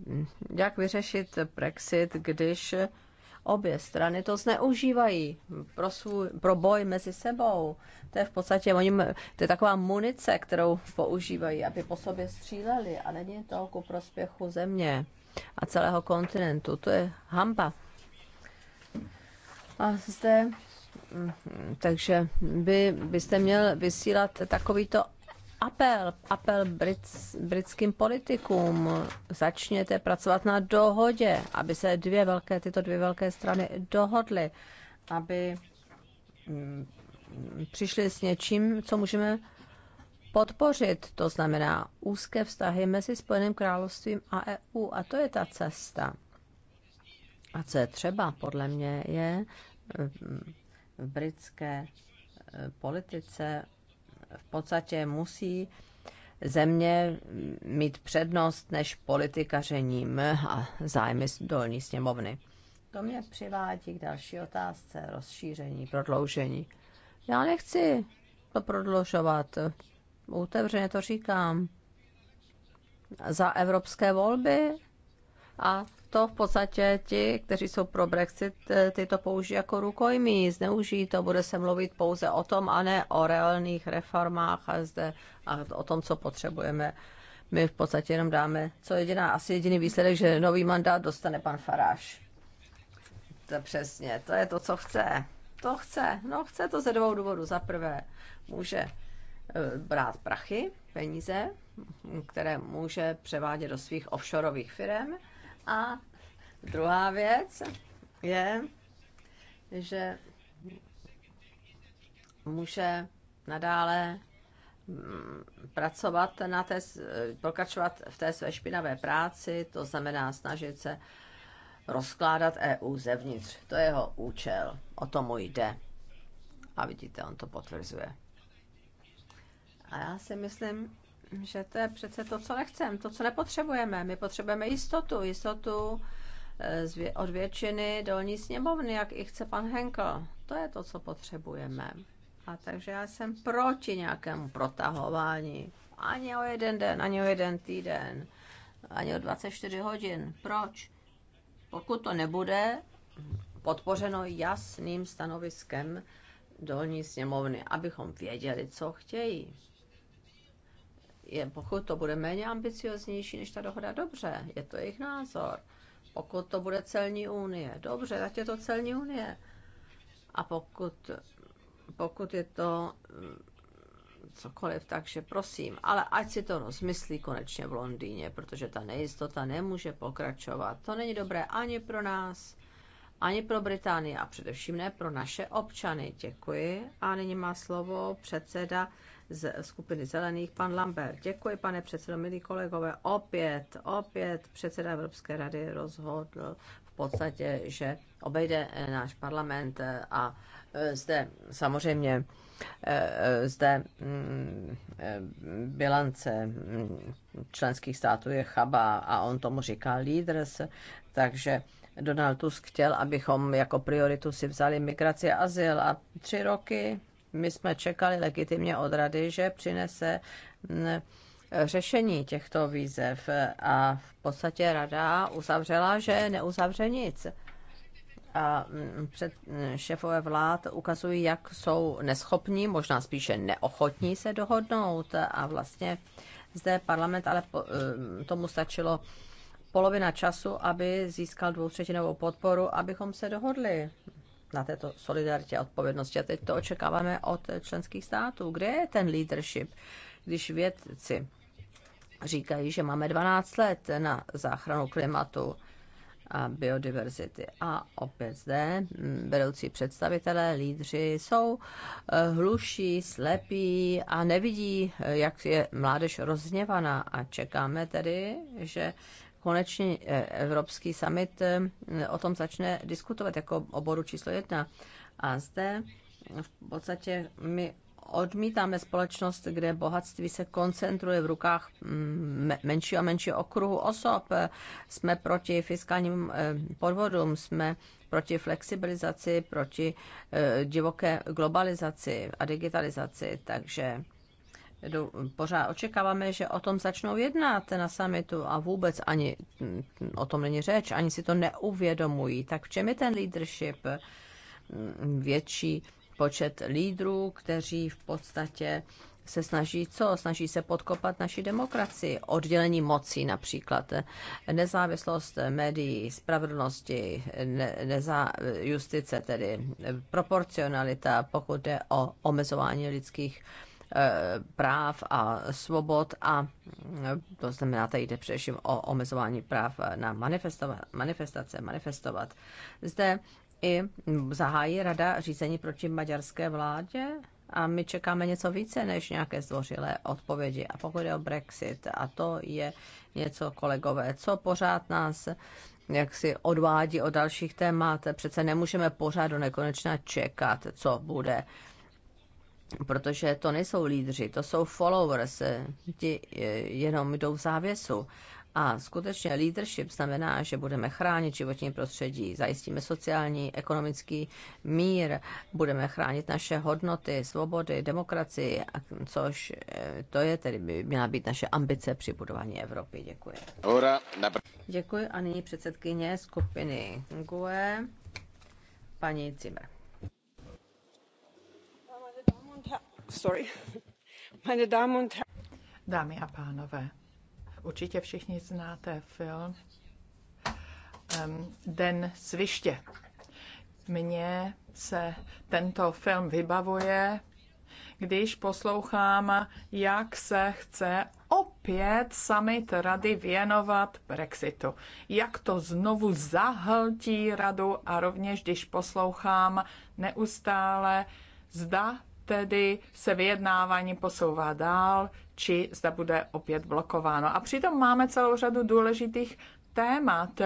Jak vyřešit Brexit, když obě strany to zneužívají pro, svůj, pro boj mezi sebou. To je v podstatě oni, to je taková munice, kterou používají, aby po sobě stříleli a není to ku prospěchu země a celého kontinentu. To je hamba. A zde takže by, byste měl vysílat takovýto apel, apel Brit, britským politikům. Začněte pracovat na dohodě, aby se dvě velké, tyto dvě velké strany dohodly, aby mm, přišli s něčím, co můžeme podpořit, to znamená úzké vztahy mezi Spojeným královstvím a EU. A to je ta cesta. A co je třeba, podle mě, je mm, v britské eh, politice v podstatě musí země mít přednost než politikařením a zájmy dolní sněmovny. To mě přivádí k další otázce, rozšíření, prodloužení. Já nechci to prodlužovat, otevřeně to říkám. Za evropské volby a to v podstatě ti, kteří jsou pro Brexit, eh, ty to použijí jako rukojmí, zneužijí to, bude se mluvit pouze o tom a ne o reálných reformách a, zde, a o tom, co potřebujeme. My v podstatě jenom dáme, co jediná, asi jediný výsledek, že nový mandát dostane pan Faráš. To přesně, to je to, co chce. To chce, no chce to ze dvou důvodů. Za prvé, může eh, brát prachy, peníze, které může převádět do svých offshoreových firm a druhá věc je, že může nadále mm, pracovat na té, pokračovat v té své špinavé práci, to znamená snažit se rozkládat EU zevnitř. To je jeho účel, o to mu jde. A vidíte, on to potvrzuje. A já si myslím, že to je přece to, co nechceme, to, co nepotřebujeme. My potřebujeme jistotu, jistotu eh, od většiny dolní sněmovny, jak i chce pan Henkel. To je to, co potřebujeme. A takže já jsem proti nějakému protahování. Ani o jeden den, ani o jeden týden, ani o 24 hodin. Proč? Pokud to nebude podpořeno jasným stanoviskem dolní sněmovny, abychom věděli, co chtějí je, pokud to bude méně ambicioznější než ta dohoda, dobře, je to jejich názor. Pokud to bude celní unie, dobře, tak je to celní unie. A pokud, pokud je to mm, cokoliv, takže prosím, ale ať si to rozmyslí konečně v Londýně, protože ta nejistota nemůže pokračovat. To není dobré ani pro nás, ani pro Británii a především ne pro naše občany. Děkuji. A nyní má slovo předseda z skupiny zelených, pan Lambert. Děkuji, pane předsedo, milí kolegové. Opět, opět předseda Evropské rady rozhodl v podstatě, že obejde eh, náš parlament eh, a eh, zde samozřejmě zde mm, bilance mm, členských států je chaba a on tomu říká leaders, takže Donald Tusk chtěl, abychom jako prioritu si vzali migraci a azyl a tři roky my jsme čekali legitimně od rady, že přinese mm, řešení těchto výzev a v podstatě rada uzavřela, že neuzavře nic. A mm, před mm, šéfové vlád ukazují, jak jsou neschopní, možná spíše neochotní se dohodnout a vlastně zde parlament, ale tomu stačilo polovina času, aby získal dvoutřetinovou podporu, abychom se dohodli na této solidaritě a odpovědnosti. A teď to očekáváme od členských států. Kde je ten leadership, když vědci říkají, že máme 12 let na záchranu klimatu a biodiverzity. A opět zde mm, vedoucí představitelé, lídři jsou eh, hluší, slepí a nevidí, eh, jak je mládež rozněvaná. A čekáme tedy, že konečně eh, Evropský summit eh, o tom začne diskutovat jako o bodu číslo jedna. A zde v podstatě my odmítáme společnost, kde bohatství se koncentruje v rukách mm, menšího a menšího okruhu osob. Jsme proti fiskálním eh, podvodům, jsme proti flexibilizaci, proti divoké globalizaci a digitalizaci, takže pořád očekáváme, že o tom začnou jednat na summitu a vůbec ani mm, o tom není řeč, ani si to neuvědomují. Tak v čem je ten leadership? Mm, větší počet lídrů, kteří v podstatě se snaží co? Snaží se podkopat naši demokracii, oddělení mocí například, nezávislost médií, spravedlnosti, ne, neza, justice tedy, proporcionalita, pokud jde o omezování lidských Eh, práv a svobod a mm, to znamená, tady jde především o omezování práv na manifestovat, manifestace, manifestovat. Zde i zahájí rada řízení proti maďarské vládě a my čekáme něco více než nějaké zdvořilé odpovědi. A pokud je o Brexit, a to je něco, kolegové, co pořád nás jak si odvádí od dalších témat. Přece nemůžeme pořád do nekonečna čekat, co bude protože to nejsou lídři, to jsou followers, ti jenom jdou v závěsu. A skutečně leadership znamená, že budeme chránit životní prostředí, zajistíme sociální, ekonomický mír, budeme chránit naše hodnoty, svobody, demokracii, a což e, to je tedy by měla být naše ambice při budování Evropy. Děkuji. Děkuji a nyní předsedkyně skupiny GUE, paní Zimmer. Dámy a pánové, určitě všichni znáte film ehm, Den sviště. Mně se tento film vybavuje, když poslouchám, jak se chce opět summit rady věnovat Brexitu. Jak to znovu zahltí radu a rovněž, když poslouchám neustále, zda tedy se vyjednávání posouvá dál, či zda bude opět blokováno. A přitom máme celou řadu důležitých témat.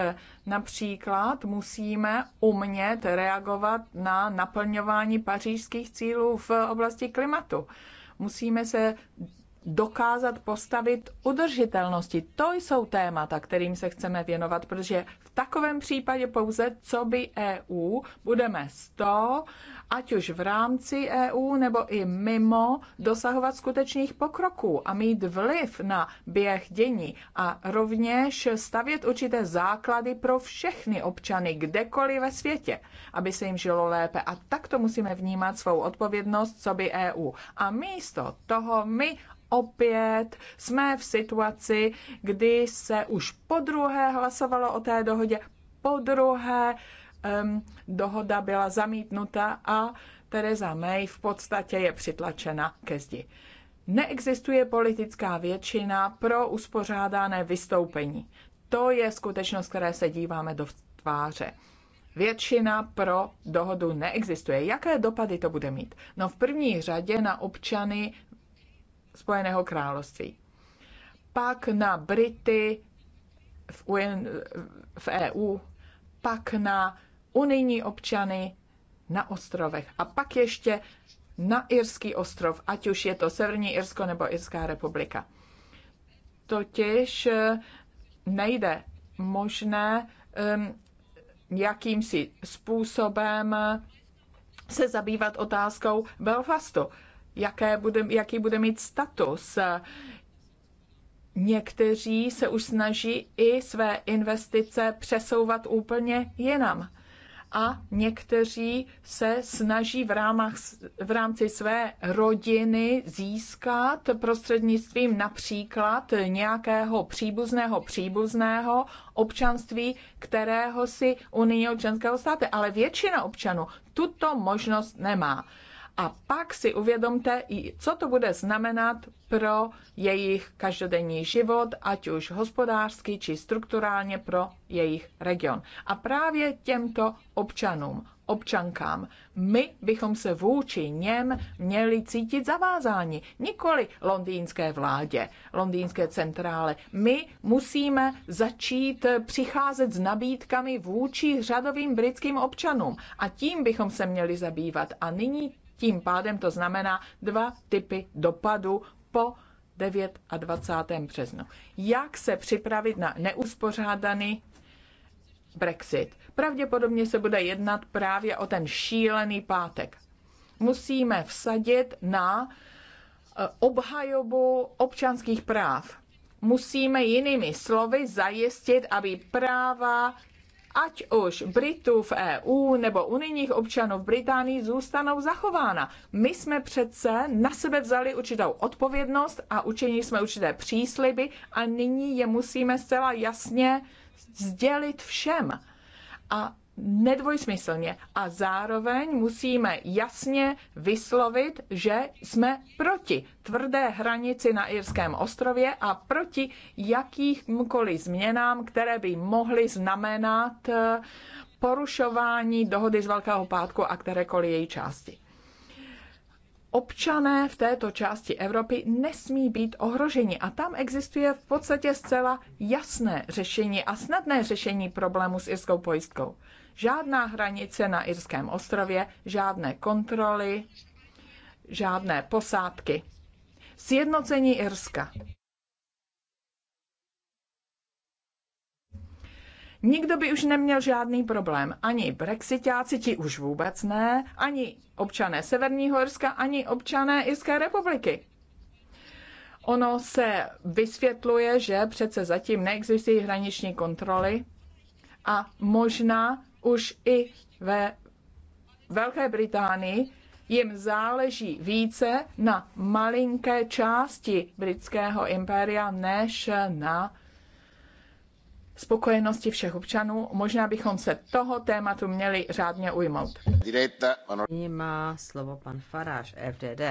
Například musíme umět reagovat na naplňování pařížských cílů v oblasti klimatu. Musíme se dokázat postavit udržitelnosti. To jsou témata, kterým se chceme věnovat, protože v takovém případě pouze, co by EU, budeme 100, ať už v rámci EU nebo i mimo, dosahovat skutečných pokroků a mít vliv na běh dění a rovněž stavět určité základy pro všechny občany kdekoliv ve světě, aby se jim žilo lépe. A takto musíme vnímat svou odpovědnost, co by EU. A místo toho my opět jsme v situaci, kdy se už po druhé hlasovalo o té dohodě, po druhé um, dohoda byla zamítnuta a Tereza May v podstatě je přitlačena ke zdi. Neexistuje politická většina pro uspořádané vystoupení. To je skutečnost, které se díváme do tváře. Většina pro dohodu neexistuje. Jaké dopady to bude mít? No v první řadě na občany Spojeného království. Pak na Brity v, UN, v EU, pak na unijní občany na ostrovech a pak ještě na Irský ostrov, ať už je to Severní Irsko nebo Irská republika. Totiž eh, nejde možné um, jakýmsi způsobem eh, se zabývat otázkou Belfastu jaké bude, jaký bude mít status. Někteří se už snaží i své investice přesouvat úplně jinam. A někteří se snaží v, rámach, v rámci své rodiny získat prostřednictvím například nějakého příbuzného příbuzného občanství, kterého si Unie občanského státu, ale většina občanů tuto možnost nemá. A pak si uvědomte, co to bude znamenat pro jejich každodenní život, ať už hospodářský či strukturálně pro jejich region. A právě těmto občanům, občankám, my bychom se vůči něm měli cítit zavázáni, nikoli londýnské vládě, londýnské centrále. My musíme začít přicházet s nabídkami vůči řadovým britským občanům a tím bychom se měli zabývat. A nyní tím pádem to znamená dva typy dopadu po a 20. březnu. Jak se připravit na neuspořádaný Brexit? Pravděpodobně se bude jednat právě o ten šílený pátek. Musíme vsadit na eh, obhajobu občanských práv. Musíme jinými slovy zajistit, aby práva ať už Britů v EU nebo unijních občanů v Británii zůstanou zachována. My jsme přece na sebe vzali určitou odpovědnost a učinili jsme určité přísliby a nyní je musíme zcela jasně sdělit všem. A nedvojsmyslně a zároveň musíme jasně vyslovit, že jsme proti tvrdé hranici na Irském ostrově a proti jakýmkoliv změnám, které by mohly znamenat eh, porušování dohody z Velkého pátku a kterékoliv její části. Občané v této části Evropy nesmí být ohroženi a tam existuje v podstatě zcela jasné řešení a snadné řešení problému s irskou pojistkou. Žádná hranice na Irském ostrově, žádné kontroly, žádné posádky. Sjednocení Irska. Nikdo by už neměl žádný problém. Ani brexitáci, ti už vůbec ne, ani občané Severního Irska, ani občané Irské republiky. Ono se vysvětluje, že přece zatím neexistují hraniční kontroly a možná už i ve Velké Británii jim záleží více na malinké části britského impéria než na spokojenosti všech občanů. Možná bychom se toho tématu měli řádně ujmout. Nyní má slovo pan Faráš, FDD.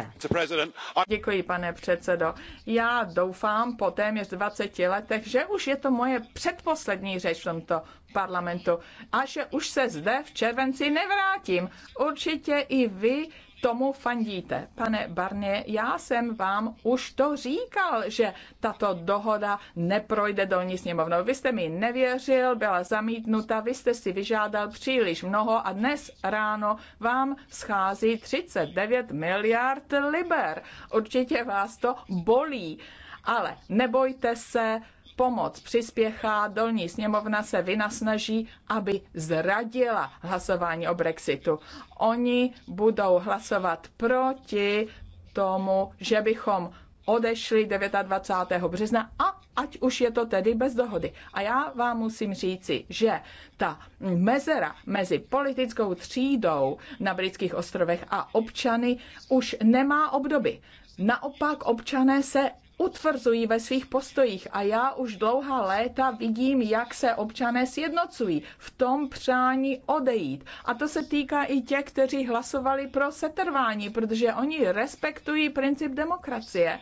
Děkuji, pane předsedo. Já doufám po téměř 20 letech, že už je to moje předposlední řeč v tomto parlamentu a že už se zde v červenci nevrátím. Určitě i vy tomu fandíte. Pane Barně, já jsem vám už to říkal, že tato dohoda neprojde dolní sněmovnou. Vy jste mi nevěřil, byla zamítnuta, vy jste si vyžádal příliš mnoho a dnes ráno vám schází 39 miliard liber. Určitě vás to bolí. Ale nebojte se, pomoc přispěchá, dolní sněmovna se vynasnaží, aby zradila hlasování o Brexitu. Oni budou hlasovat proti tomu, že bychom odešli 29. března a ať už je to tedy bez dohody. A já vám musím říci, že ta mezera mezi politickou třídou na britských ostrovech a občany už nemá obdoby. Naopak občané se utvrzují ve svých postojích a já už dlouhá léta vidím, jak se občané sjednocují v tom přání odejít. A to se týká i těch, kteří hlasovali pro setrvání, protože oni respektují princip demokracie.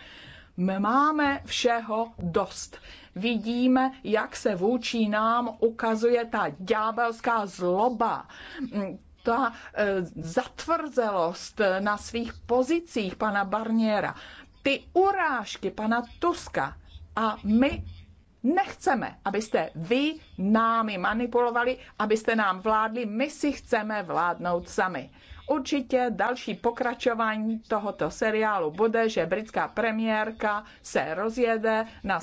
My máme všeho dost. Vidíme, jak se vůči nám ukazuje ta ďábelská zloba, ta e, zatvrzelost na svých pozicích pana Barniera ty urážky pana Tuska a my nechceme, abyste vy námi manipulovali, abyste nám vládli, my si chceme vládnout sami. Určitě další pokračování tohoto seriálu bude, že britská premiérka se rozjede na